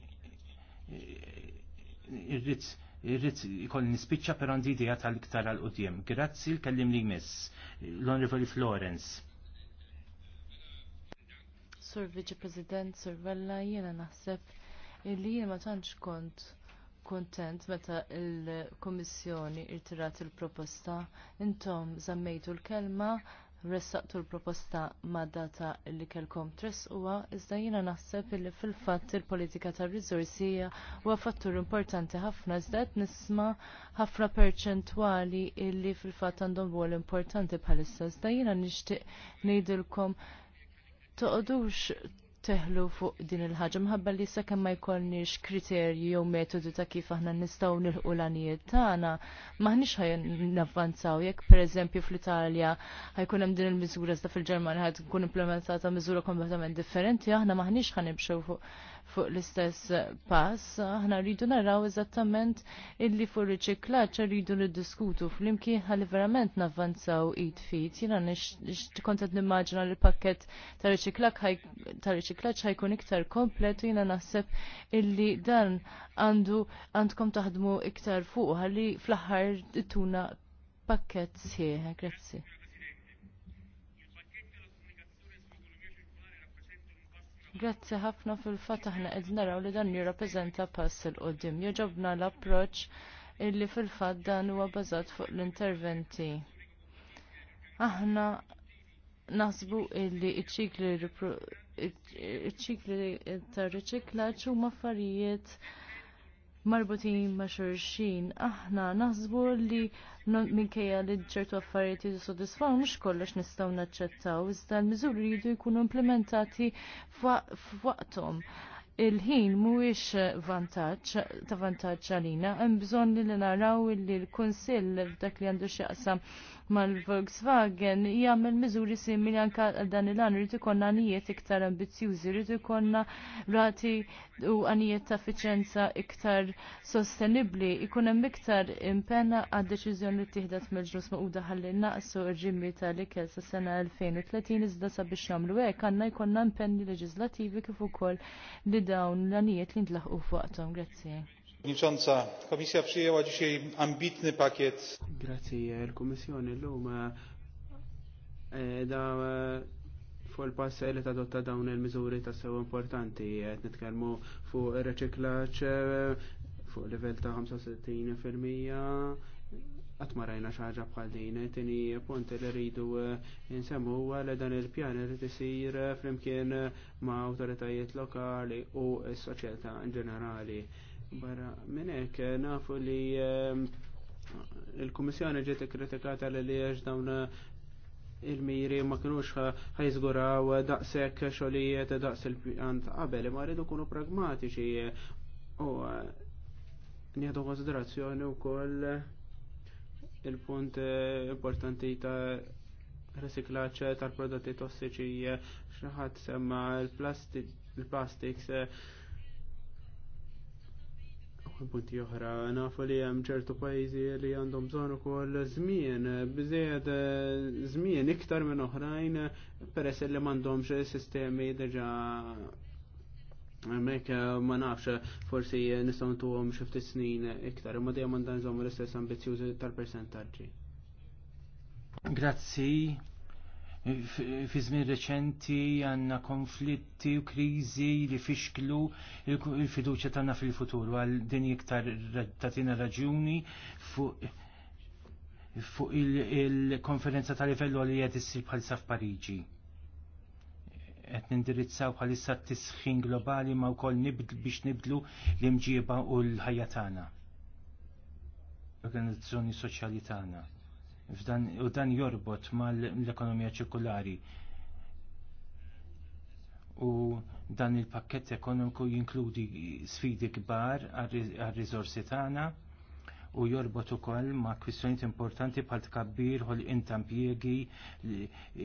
Speaker 3: irrid irrid ikoll nispiċċa per għandi idea tal-iktar għal qudiem Grazzi l-kellim li jmiss, l-Onorevoli Florence.
Speaker 1: Sur Viċi President, Sur Vella, jiena naħseb li jena ma tantx kont kontent meta il komissjoni irtirat il-proposta intom zammejtu l-kelma ressaqtu l-proposta ma' data li kelkom tresquwa, iżda jiena naħseb li fil-fatt il-politika tar riżorsi hija huwa fattur importanti ħafna iżda qed nisma' ħafna perċentwali illi fil-fatt għandhom rwol importanti bħalissa. Iżda jiena nixtieq ngħidilkom toqdux teħlu fuq din il-ħagġa mħabba li sa kemm ma jkollniex kriterji jew metodi ta' kif aħna nistgħu nilħu l-għanijiet tagħna maħniex ħaj navvanzaw jekk pereżempju fl-Italja ħajkun hemm din il-miżura sta fil-Ġermanja ħad tkun implementata miżura kompletament differenti aħna maħniex ħanibxew fuq fuq l-istess pass, aħna rridu naraw eżattament illi fuq riċiklaċ rridu niddiskutu fl-imkien ħalli verament navvanzaw id fit. Jina kontet nimmaġina li pakket ta' riċiklaċ ħajkun iktar komplet u jina naħseb illi dan għandu għandkom taħdmu iktar fuq għalli fl-ħar tuna pakket sħiħ. Grazie. Grazzi ħafna fil-fatt aħna qed naraw li dan jirrappreżenta pass il qudiem Joġobna l-approċċ illi fil-fatt dan huwa bażat fuq l-interventi. Aħna naħsbu illi iċ-ċikli tar-riċiklaġġ huma affarijiet marbutin ma' xurxin. Aħna naħsbu li minkejja li ċertu affarijiet jisodisfaw mhux kollox nistgħu naċċettaw, iżda l-miżuri jridu jkunu implementati f'waqthom. Il-ħin mhuwiex vantaġġ ta' vantaġġ għalina, hemm bżonn li naraw li l-Kunsill f'dak li għandu x'jaqsam mal-Volkswagen jagħmel miżuri simili anke dan il-għan rritu ikollna għanijiet iktar ambizjużi, rritu konna rati u għanijiet ta' effiċenza iktar sostenibbli, ikun hemm iktar impenna għad deċiżjoni li mel mill-ġlus u ħalli naqsu r-ġimmi tal li kelsa sena 2030 iżda sabiex jagħmlu hekk għandna jkollna impenni leġislattivi kif ukoll li dawn l-għanijiet li ntlaħqu fuqhom. Grazie. Nicząca, komisja przyjęła dzisiaj ambitny pakiet.
Speaker 2: Grazie, eh, il l-lum eh, da eh, fuq il-pass li tadotta dawn il-miżuri ta' sew importanti qed nitkellmu fuq ir-reċiklaġġ fuq livell ta' 65% qatt ma rajna xi ħaġa bħal din. Tieni punt li rridu insemmu huwa li dan il-pjan irid isir flimkien ma' awtoritajiet lokali u s-soċjetà in ġenerali. Barra, minnek, eh, nafu li eh, il-Komissjoni ġiet kritikata li li dawn eh, il-miri ma kienux ħajżguraw daqshekk xogħlijiet daqs il-pjan ta' qabel, ma rridu kunu pragmatiċi u nieħdu konsiderazzjoni wkoll il-punt importanti ta' resiklaċ tal-prodotti tossiċi xaħat semma l-plastics punti oħra, nafu li hemm ċertu pajjiżi li għandhom bżonn ukoll żmien, biżejjed eh, żmien iktar minn oħrajn peress li m'għandhomx sistemi diġà Mek eh, ma nafx forsi nistgħu ntuhom xi ftit snin iktar, imma dejjem għandha l-istess ambizzjużi tal-persentaġġi.
Speaker 3: Grazzi fi żmien reċenti għandna konflitti u kriżi li fixklu il-fiduċja tagħna fil-futur għal din iktar tatina raġuni fuq il-konferenza ta' livello li qed issir bħalissa f'Pariġi. Qed nindirizzaw bħalissa t-tisħin globali ma' wkoll biex nibdlu l-imġiba u l-ħajja tagħna. Organizzazzjoni soċjali tagħna u dan jorbot mal-ekonomija ċirkulari. U dan il-pakket ekonomiku jinkludi sfidi kbar għal-rizorsi tagħna u jorbot ukoll ma' kwistjonijiet importanti bħal tkabbir ħol intampjegi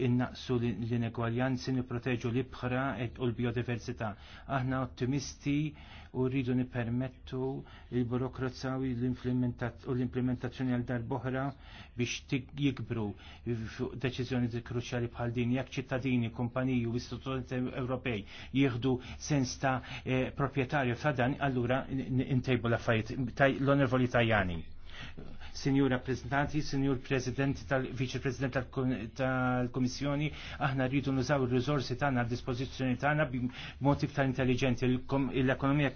Speaker 3: innaqsu l-inegwaljanzi nipproteġu l-ibħra u l-biodiversità. Aħna ottimisti u rridu nipermettu il-burokrazza u l-implementazzjoni għal darboħra biex jikbru fuq deċiżjoni kruċjali bħal din jekk ċittadini, kumpaniji u istituzzjoni Ewropej jieħdu sens ta' eh, proprjetarju ta' dan allura intejbu l-affarijiet l-onorevoli Tajani. Sinjur Rappresentanti, Sinjur President tal-Vice President tal-Komissjoni, aħna rridu nużaw il-rizorsi tagħna għal dispożizzjoni tagħna b'mod iktar intelligenti. L-ekonomija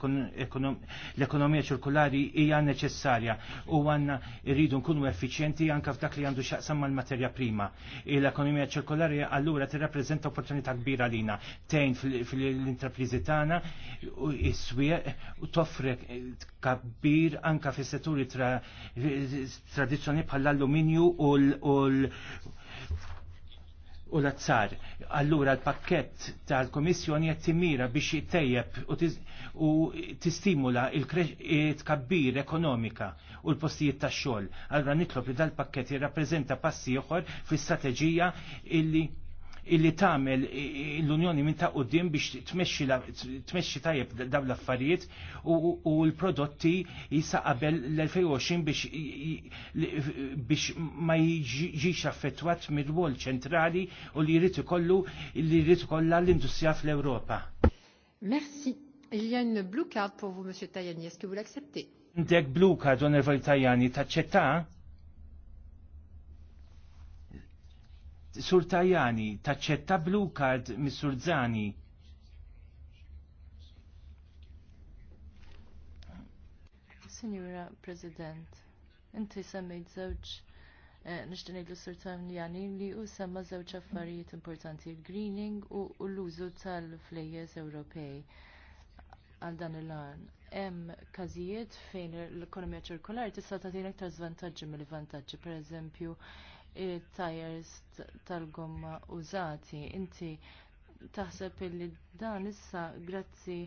Speaker 3: ċirkulari hija neċessarja u għandna rridu nkunu effiċjenti anke f'dak li għandu x'aqsam mal-materja prima. L-ekonomija ċirkulari allura tirrappreżenta opportunità kbira lina, tejn fil-intrapriżi tagħna u s-swieq u toffre kabbir anka fis-setturi tradizzjoni l alluminju u l-azzar. Allura l-pakket tal-Komissjoni qed timira biex jittejjeb u tistimula il-tkabbir ekonomika u l-postijiet tax-xogħol. Allura nitlob li dal-pakket jirrappreżenta passi oħor fis-strateġija illi illi tagħmel l-Unjoni minn ta' qudiem biex tmexxi tajjeb dawn l-affarijiet u l-prodotti jisa qabel l-2020 biex biex ma jiġix affettwat mir-rwol ċentrali u li jrid ikollu li jrid ikollha l-industrija fl-Ewropa.
Speaker 1: Merci. Il y a une blue card pour vous, Monsieur Tajani. Est-ce que vous l'acceptez?
Speaker 3: Dek blue card, onorevoli Tajani, taċċetta? Sur Tajani, taċċetta blue card mis Sur Zani.
Speaker 1: Signora President, inti semmejt żewġ nishtin id l Tajani li u semma żewġ affarijiet importanti il-greening u l-użu tal-flejjes Ewropej għal dan il-għan. Hemm każijiet fejn l-ekonomija ċirkolari tista' tagħti aktar żvantaġġi mill-vantaġġi, pereżempju il-tajers tal-gomma użati. Inti taħseb illi dan issa grazzi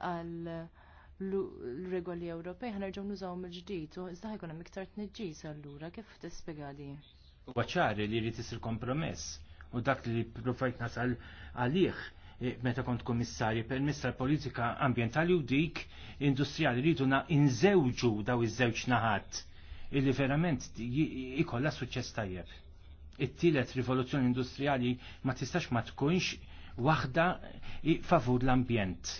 Speaker 1: għal l-regoli Ewropej ħanerġgħu nużaw mill-ġdid u iżda ħajkun hemm iktar tniġġis allura kif tispjegali?
Speaker 3: Huwa ċari li jrid isir kompromess u dak li provajt nasal għalih eh, meta kont komissarji per l-politika ambientali u dik industrijali rridu na inżewġu daw iż-żewġ naħat illi verament ikolla suċċess tajjeb. It-tielet rivoluzzjoni industrijali ma tistax ma tkunx waħda favur l-ambjent.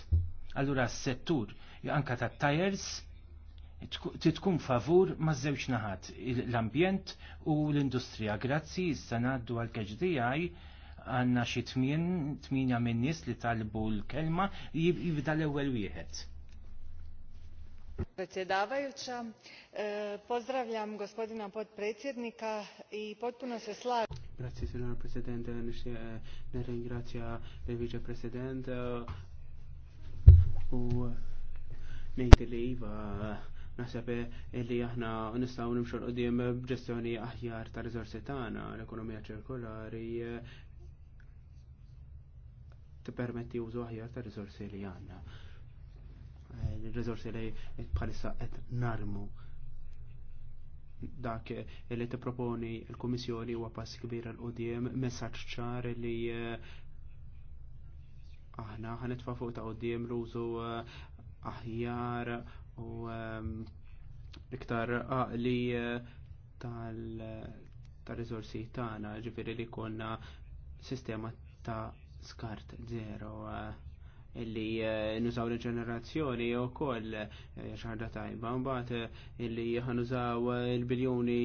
Speaker 3: Allura s-settur anka ta' tajers titkun favur ma' żewġ naħat l-ambjent u l-industrija. Grazzi, issa ngħaddu għal KHDI għanna xi tmien tmien minn li talbu l-kelma jibda l-ewwel wieħed
Speaker 1: predsjedavajua e, pozdravljam gospodina potpredsjednika i potpuno se slažem
Speaker 2: Grazie signor Presidente, ne ringrazia il Vice Presidente u nejti li Iva naħseb li aħna nistgħu nimxu l-qudiem b'ġestjoni aħjar ta' riżorsi tagħna, l-ekonomija ċirkolari tippermetti użu aħjar ta' riżorsi li għandna il rizorsi li bħalissa qed narmu dak li tipproponi l-Kummissjoni huwa pass kbir għal qudiem messaġġ ċar li eh, aħna ħanitfa' fuq ta' qudiem l-użu eh, aħjar u eh, iktar għaqli tal ta' rizorsi tagħna, ġifieri li konna sistema ta' skart zero illi eh, nużaw l-ġenerazzjoni u koll eh, xaħda tajba, mbagħad eh, illi ħanużaw il-biljoni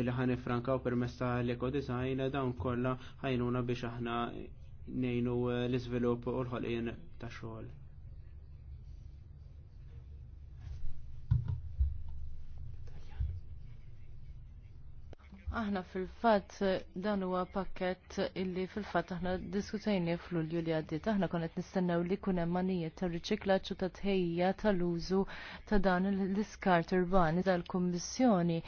Speaker 2: illi ħan franka u permess l-eko design dawn kollha ħajnuna biex aħna nejnu l-iżvilupp u l-ħolqien ta' xogħol.
Speaker 1: Aħna fil-fat dan huwa pakket illi fil-fat aħna diskutajni fl-ulju li għaddit. Aħna konet nistennew li kun hemm manijiet ta' riċiklaġġ u ta' tħejja tal-użu ta' dan l-iskart urbani tal-Kummissjoni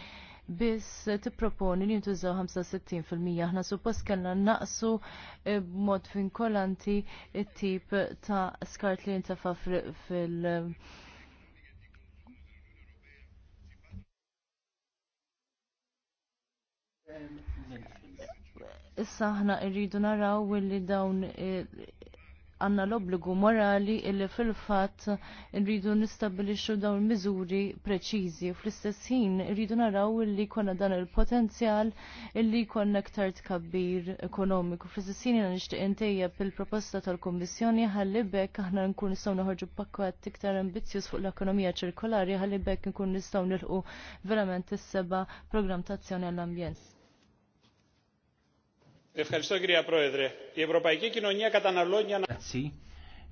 Speaker 1: biss tipproponi li jintużaw 65% aħna suppost kellna naqsu eh, b'mod vinkolanti it-tip ta' skart li jintafa fil- Issa aħna rridu naraw li dawn eh, għanna l-obbligu morali illi fil-fat irridu nistabilixu dawn miżuri preċizi. Fl-istess ħin irridu naraw illi konna dan il-potenzjal illi konna ktar tkabbir ekonomiku. Fl-istess ħin nishtiq intejja pil-proposta tal-Kommissjoni ħallibek aħna nkun nistgħu noħorġu pakkat iktar ambizjus fuq l-ekonomija ċirkolari ħallibek nkun nistgħu nilħu verament is-seba' programm tazzjoni għall-ambjent. Ευχαριστώ κυρία Πρόεδρε. Η
Speaker 2: Ευρωπαϊκή Κοινωνία καταναλώνει ανα...
Speaker 3: Grazie.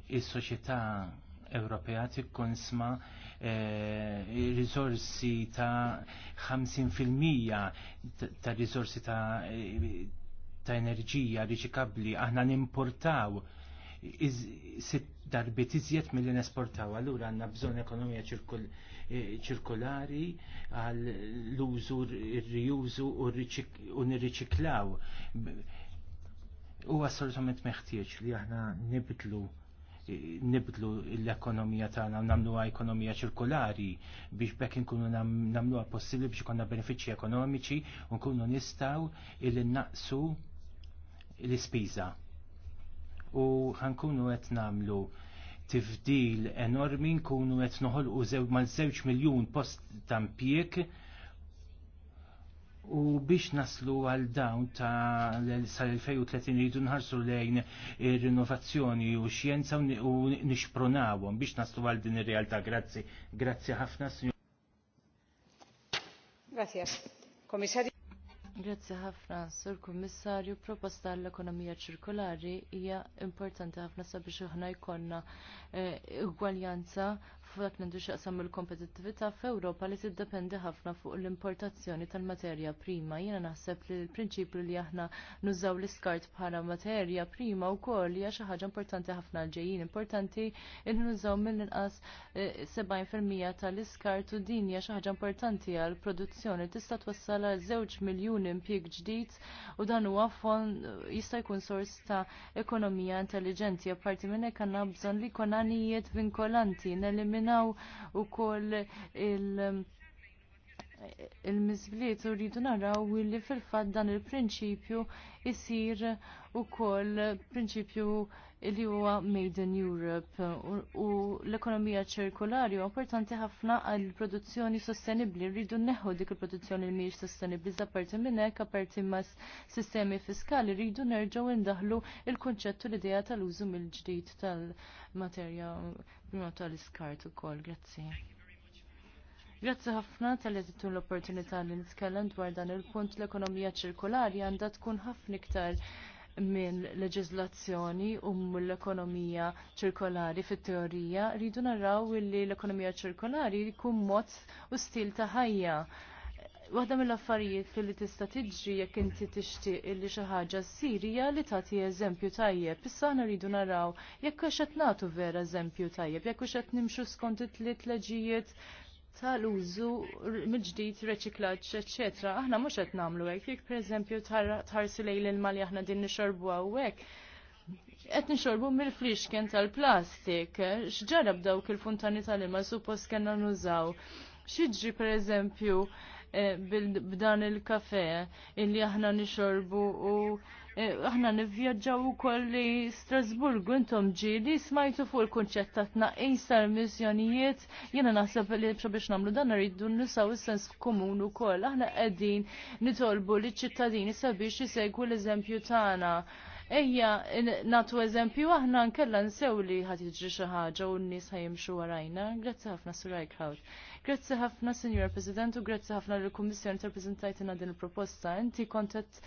Speaker 3: Η società Ewropea tikkonsma eh, risorsi ta' 50% ta' risorsi ta' eh, ta' enerġija riċikabbli aħna nimportaw sitt darbit iżjed mill nesportaw. Allura għanna bżon ekonomija e, ċirkolari għal l-użu, r-rijużu u nirriċiklaw. U assolutament meħtieġ li aħna nibdlu e, nibdlu l-ekonomija tagħna u nagħmluha ekonomija ċirkolari biex bekk inkunu nagħmluha possibbli biex ikonna benefiċċji ekonomiċi u nkunu nistgħu il-naqsu l-ispiża u ħankunu qed nagħmlu tifdil enormi nkunu qed noħolqu zew mal zewċ miljun post tampjek u biex naslu għal dawn ta' sal-2030 rridu nħarsu lejn il rinnovazzjoni u xjenza u nixpronawhom biex naslu għal din ir-realtà. Grazzi. Grazzi ħafna,
Speaker 1: Grazie. Komissarju. Grazzi ħafna, Sur Kummissarju, proposta l-ekonomija ċirkolari hija importanti ħafna sabiex aħna jkollna eh, ugwaljanza f'dak nendu xaqsam il-kompetittività f'Ewropa li tiddependi ħafna fuq l-importazzjoni tal-materja prima. Jiena naħseb li l-prinċipju li aħna nużaw l-iskart bħala materja prima wkoll hija xi ħaġa importanti ħafna l-ġejjin. Importanti li nużaw mill-inqas 70% eh, tal-iskart u din hija xi ħaġa importanti għall produzzjoni tista' twassal għal żewġ miljun impjieg ġdid u dan huwa fond eh, jista' jkun sors ta' ekonomija intelligenti apparti minn hekk għandna bżonn li konanijiet vinkolanti nelimin u koll il- il-mizbliet u rridu naraw li fil-fat dan il-prinċipju jisir u koll prinċipju li huwa Made in Europe u l-ekonomija ċirkolari u importanti ħafna għal produzzjoni sostenibli. Rridu neħu dik il-produzzjoni li mhijiex sostenibli za parti minn hekk parti mas sistemi fiskali rridu nerġgħu indaħlu il konċettu l-idea tal-użu mill-ġdid tal-materja prima tal-iskart ukoll. Grazzi. Grazzi ħafna tal tu l-opportunità li nitkellem dwar dan il-punt l-ekonomija ċirkolari għandha tkun ħafna iktar minn leġizlazzjoni u l ekonomija ċirkolari fit-teorija, rridu naraw li l-ekonomija ċirkolari jkun mod u stil ta' ħajja. Waħda mill-affarijiet li tista' tiġri jekk inti tixtieq illi xi ħaġa sirija li tagħti eżempju tajjeb. Issa aħna rridu naraw jekk għax qed nagħtu vera eżempju tajjeb, jekk għax qed nimxu skont it-tliet leġijiet tal-użu mill-ġdid reċiklaġġ, eċetera. Aħna mhux qed nagħmlu hekk, jekk pereżempju tħarsi lejl il li aħna din nixorbu hawnhekk. Qed nixorbu mill-flixken tal-plastik, x'ġarab dawk il-funtani tal-ilma suppost kellna nużaw. X'iġri pereżempju eh, b'dan il-kafe illi aħna nixorbu u Eh, aħna nivvjaġġaw ukoll li Strasburgu intom ġieli smajtu fuq il-kunċett ta' tnaqis tal-missjonijiet jiena naħseb li biex nagħmlu dan rridu nisaw is-sens komun ukoll. Aħna qegħdin nitolbu li ċittadini sabiex jisegwu l-eżempju tagħna. Ejja, natu eżempju aħna nkella nsew li ħad jiġri xi ħaġa u n-nies ħajmxu warajna. Grazzi ħafna Suraj Crowd. Grazzi ħafna, Signor President, u grazzi ħafna li l-Kummissjoni t-reprezentajtina din il-proposta. Inti kontet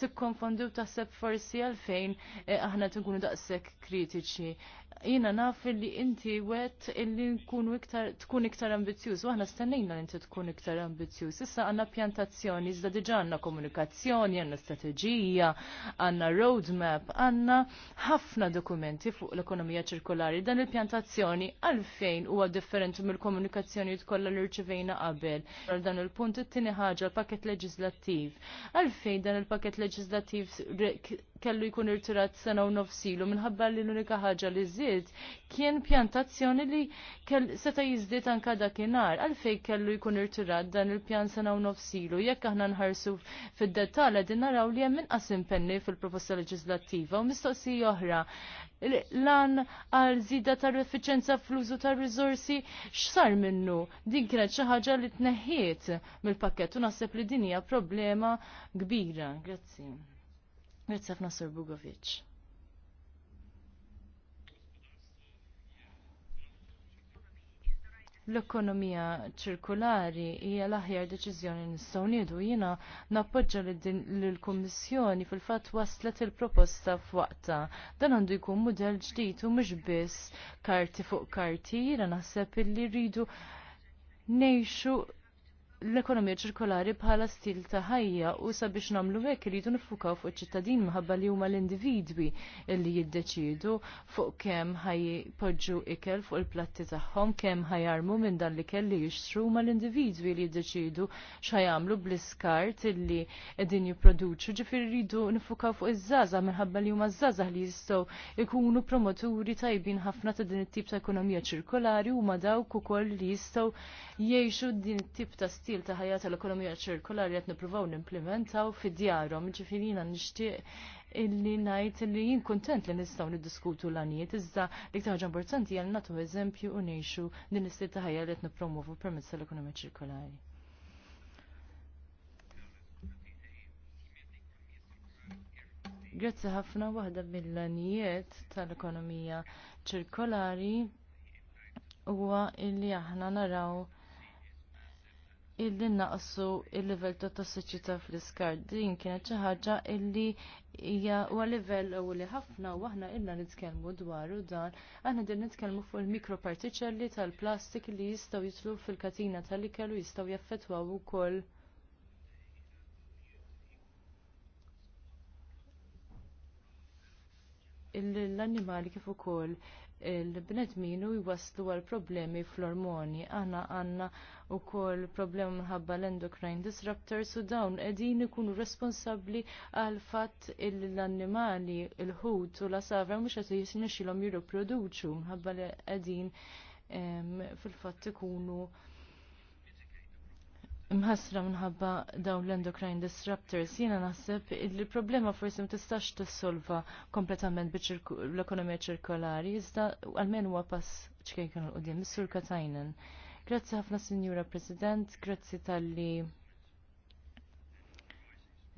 Speaker 1: t-konfondu taħseb forsi għalfejn eh, aħna t-nkunu daqsek kritiċi. Jina naf li inti wet illi nkunu iktar, tkun iktar ambizjuż, u aħna stennejna li inti tkun iktar ambizjuż. Issa għanna pjantazzjoni, iżda diġa għanna komunikazzjoni, għanna strategija, għanna roadmap, għanna ħafna dokumenti fuq l-ekonomija ċirkolari. Dan il-pjantazzjoni għalfejn huwa differenti mill-komunikazzjoni tkollha kollha li rċivejna qabel. Għal dan il-punt it-tieni ħaġa l pakket leġislattiv. Għalfejn dan il pakket leġislattiv kellu jkun irtirat sena u nofsilu minħabba li l-unika ħaġa li żied kien pjantazzjoni li seta' jiżdied anka dakinhar. Għalfejn kellu jkun irtirat dan il-pjan sena u nofsilu jekk aħna nħarsu fid-dettall din naraw li hemm inqas impenni fil-proposta leġislattiva u mistoqsija oħra L lan għal zida tal-effiċenza fl-użu tal-rizorsi x'sar minnu. Din kienet xi ħaġa li tneħħiet mill-pakkett u naħseb li din hija problema kbira. Grazzi. Grazzi ħafna Sir Bugovic. l-ekonomija ċirkulari hija l-aħjar deċiżjoni nistgħu nieħdu jiena nappoġġa lill-Kummissjoni fil-fatt waslet il-proposta f'waqta. Dan għandu jkun mudell ġdid u mhux biss karti fuq karti, jiena naħseb illi rridu ngħixu l-ekonomija ċirkolari bħala stil ta' ħajja u sabiex nagħmlu hekk iridu nifukaw fuq iċ-ċittadin minħabba li huma l-individwi li jiddeċidu fuq kemm ħajpoġġu ikel fuq il-platti tagħhom, kemm ħajarmu minn dan li kelli jixtru ma l-individwi li jiddeċidu x'ħajamlu bl-iskart illi qegħdin jipproduċu, ġifieri rridu nifukaw fuq iż-żgħażagħ minħabba li huma żgħażagħ li jistgħu jkunu promoturi tajbin ħafna ta' din it-tip ta' ekonomija ċirkolari huma dawk ukoll li jistgħu jgħixu din it-tip ta' stil stil ta' ħajja tal-ekonomija ċirkolari qed nippruvaw nimplementaw fid-djarhom, ġifieri jiena nixtieq illi ngħid li jien kuntent li nistgħu niddiskutu l-għanijiet iżda li ħaġa importanti hija nagħtu eżempju u ngħixu din is-stil ta' ħajja li qed nippromovu permezz tal-ekonomija ċirkolari. Grazzi ħafna waħda mill-għanijiet tal-ekonomija ċirkolari huwa illi aħna naraw illi naqsu il-livell ta' tossiċità fl-iskar. Din kienet xi ħaġa illi hija huwa livell ewli ħafna u aħna ilna nitkellmu dwaru dan. Aħna din nitkellmu fuq il-mikropartiċelli tal-plastik li jistgħu jitlu fil-katina tal-ikel u jistgħu jaffettwaw ukoll l-annimali kif ukoll il-bnedmin u jwaslu għal problemi fl-ormoni. Aħna għandna wkoll problemi minħabba l-endocrine disruptors u dawn qegħdin ikunu responsabbli għal fatt l-annimali, il-ħut u l-asavra mhux qed jisinexilhom jirriproduċu minħabba li qegħdin ehm, fil-fatt ikunu mħasra minħabba daw l-endocrine disruptors, jena naħseb li problema forsi ma tistax tissolva kompletament l-ekonomija ċirkolari, iżda għalmen huwa pass ċkejkan l-qudiem, sur Katajnen. Grazzi ħafna Signora President, grazzi tal-li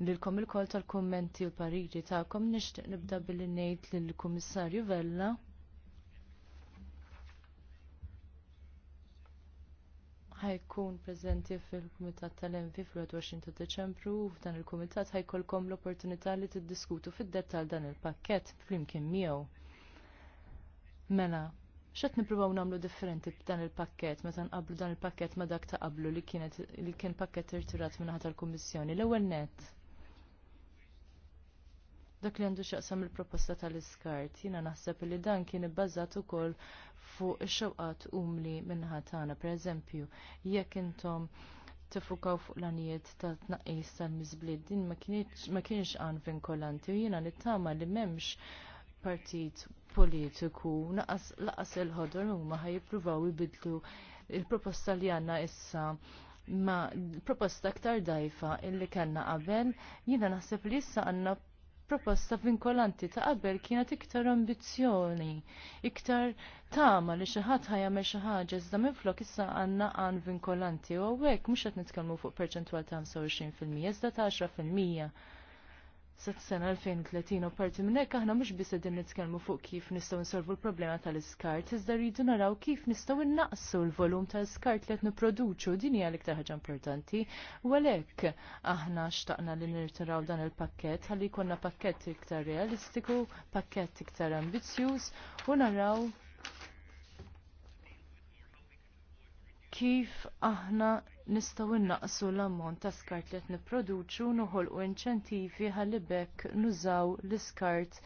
Speaker 1: lilkom il-kol tal-kommenti u l-pariri kom nixtieq nibda billi ngħid lill-Kummissarju Vella ħajkun preżenti fil-Kumitat tal-Envi fil-21 ta' Deċembru u f'dan il-Kumitat ħajkolkom l-opportunità li tiddiskutu fid-dettal dan il-pakket flimkien miegħu. Mela, x'għedt nippruvaw nagħmlu differenti b'dan il-pakket meta nqablu dan il-pakket ma dak ta' qablu li kien pakket irtirat minn tal-Kummissjoni l-ewwel nett dak li għandu xaqsam il-proposta tal-iskart. Jina naħseb li dan kien ibbażat ukoll fuq ix-xewqat umli minnħatana, tagħna, pereżempju, jekk intom tifukaw fuq l-anijiet ta' tnaqqis tal-mizblid din ma kienx għan vinkolanti u jiena nittama li m'hemmx partit politiku naqas laqas il-ħodor huma ħajjippruvaw jibidlu il-proposta li għandna issa ma proposta aktar dajfa illi kellna qabel jiena naħseb li issa għandna proposta vinkolanti ta' qabel kienet iktar ambizzjoni, iktar tama li xi ħadd me xi ħaġa iżda minflok issa għandna għan vinkolanti u hawnhekk mhux qed nitkellmu fuq perċentwal ta' 25% iżda ta' 10% sat sena 2030 u parti minn hekk aħna mhux biss qegħdin nitkellmu fuq kif nistgħu nsolvu l-problema tal-iskart, iżda rridu naraw kif nistgħu innaqsu l-volum tal-iskart li qed nipproduċu din hija l-iktar ħaġa importanti. U għalhekk aħna xtaqna li nirtiraw dan il-pakkett ħalli jkollna pakkett iktar realistiku, pakkett iktar ambizzjuż u naraw kif aħna nistgħu innaqsu l-ammont ta' skart li qed nipproduċu noħolqu inċentivi ħalli bekk nużaw l-iskart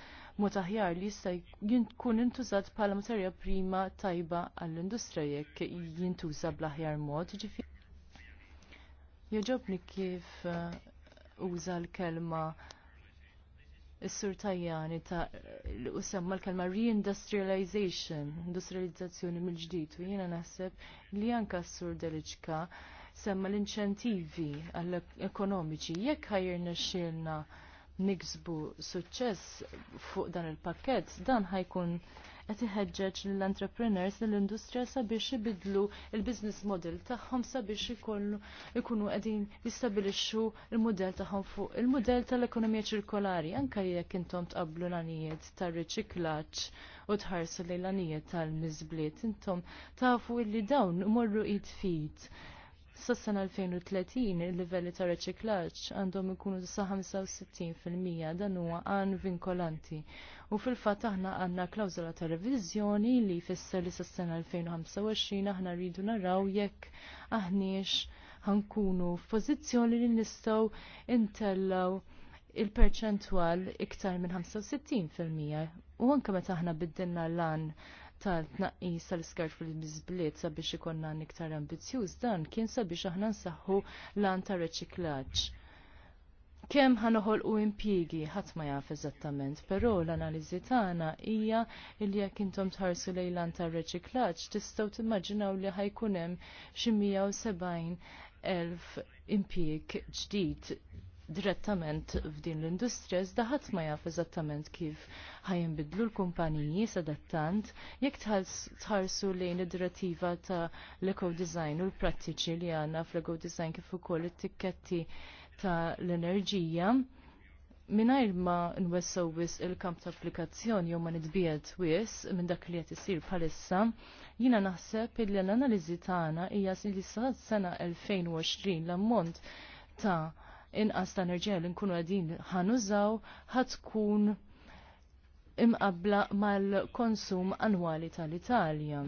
Speaker 1: mod aħjar li jista' jkun intużat bħala materja prima tajba għall-industrija jekk jintuża bl-aħjar mod. Jogħġobni kif uh, uża l-kelma Is-sur Tajjani ta' u semma l-kelma reindustrialization, industrializzazzjoni mill-ġdid u jiena naħseb li anka s-sur Deliċka semma l-inċentivi għall-ekonomiċi jekk ħajrna xilna niksbu suċċess fuq dan il-pakket dan ħajkun qed iħeġġeġ lill-entrepreneurs lill-industrija sabiex ibidlu il-business model tagħhom sabiex ikunu qegħdin jistabilixxu il-modell tagħhom fuq il-modell tal-ekonomija ċirkolari anke jekk intom tqablu l-anijiet tar-riċiklaġġ u tħarsu lejn l-anijiet tal-miżbliet intom tafu li dawn imorru id fit sas-sena 2030 il-livelli ta' reċiklaġġ għandhom ikunu sa' 65% dan huwa għan vinkolanti. U fil-fatt aħna għandna klawżola ta' reviżjoni li jfisser li sas-sena 2025 aħna rridu naraw jekk aħniex ħankunu f'pożizzjoni li nistgħu intellaw il-perċentwal iktar minn 65% u anke meta aħna biddilna l għan tal-tnaqqis tal-iskart fil-bizbliet sabiex ikonna niktar ambizjuż dan kien sabiex aħna nsaħħu lan ta' reċiklaġġ. Kem uħol u impiegi, ħadd ma jaf eżattament, però l-analiżi tagħna hija li jekk intom tħarsu lejlan ta' reċiklaġġ tistgħu timmaġinaw li ħajkun hemm xi 170 elf impieg ġdid direttament f'din l-industrija, iżda ħadd ma jaf eżattament kif ħajinbidlu l-kumpaniji sadattant jekk tħarsu lejn id-direttiva ta' l-eco design u l-prattiċi li għandna fl-eco design kif ukoll it-tikketti ta' l-enerġija. Minajr ma nwessaw wis il-kamp ta' applikazzjoni jew ma nitbiet wis minn dak li qed isir bħalissa, jina naħseb li l-analiżi tagħna hija li sa sena 2020 l-ammont ta' inqas ta' enerġija li nkunu għadin ħanużaw ħatkun imqabla mal-konsum annwali tal-Italja.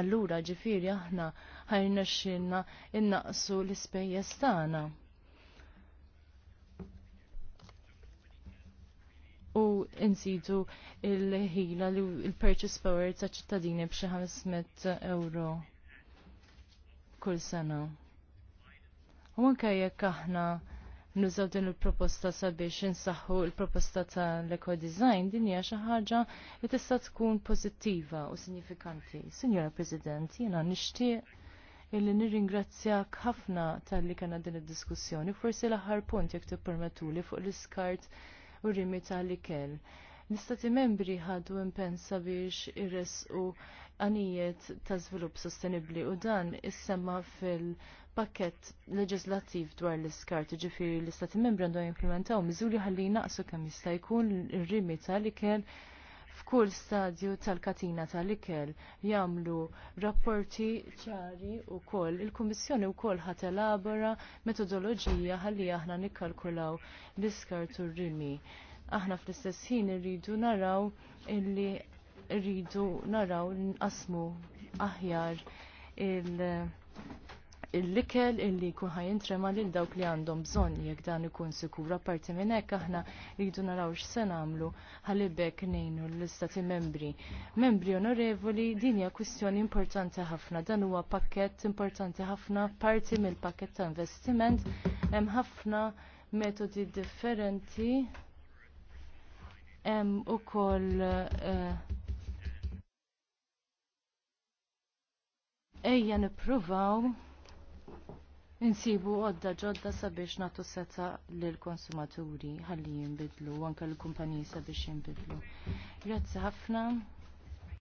Speaker 1: Allura ġifiri aħna ħajna xinna innaqsu l-ispejjeż tagħna. U insitu il-ħila il-purchase power ta' ċittadini b'xi 500 euro kull sena. U anke jekk aħna nużaw din il-proposta sabiex insaħħu il-proposta tal-eco design din hija xi ħaġa li tista' tkun pożittiva u sinifikanti. Sinjora President, jiena nixtieq illi nirringrazzjak ħafna tal-li kena din id-diskussjoni. Forsi l-aħħar punt jekk tippermetuli fuq l-iskart u rimi tal-li kell. L-istati membri ħadu impensa biex irresqu għanijiet ta' Zvilupp sostenibbli u dan is-semma fil-pakket leġislattiv dwar l-iskart, ġifiri l-istati membri għandu jimplementaw miżuri ħalli naqsu kemm jista' jkun ir-rimi tal-ikel f'kull stadju tal-katina tal-ikel jagħmlu rapporti ċari wkoll. Il-Kummissjoni wkoll ħat elabora metodoloġija ħalli aħna nikkalkulaw l-iskart u r-rimi. Aħna fl-istess ħin irridu naraw illi rridu naraw nqasmu aħjar il- il-likel illi kun ħajintrema lil dawk li għandhom bżonn jekk dan ikun sikur. Apparti minn hekk aħna rridu naraw x'se nagħmlu ħalibek ngħinu l-istati membri. Membri onorevoli, din hija kwistjoni importanti ħafna. Dan huwa pakkett importanti ħafna, parti mill-pakkett ta' investiment. Hemm ħafna metodi differenti. Hemm ukoll uh, ejja nippruvaw insibu għodda ġodda sabiex natu seta l-konsumaturi ħalli jimbidlu, anka l-kumpaniji sabiex jimbidlu. Grazzi ħafna.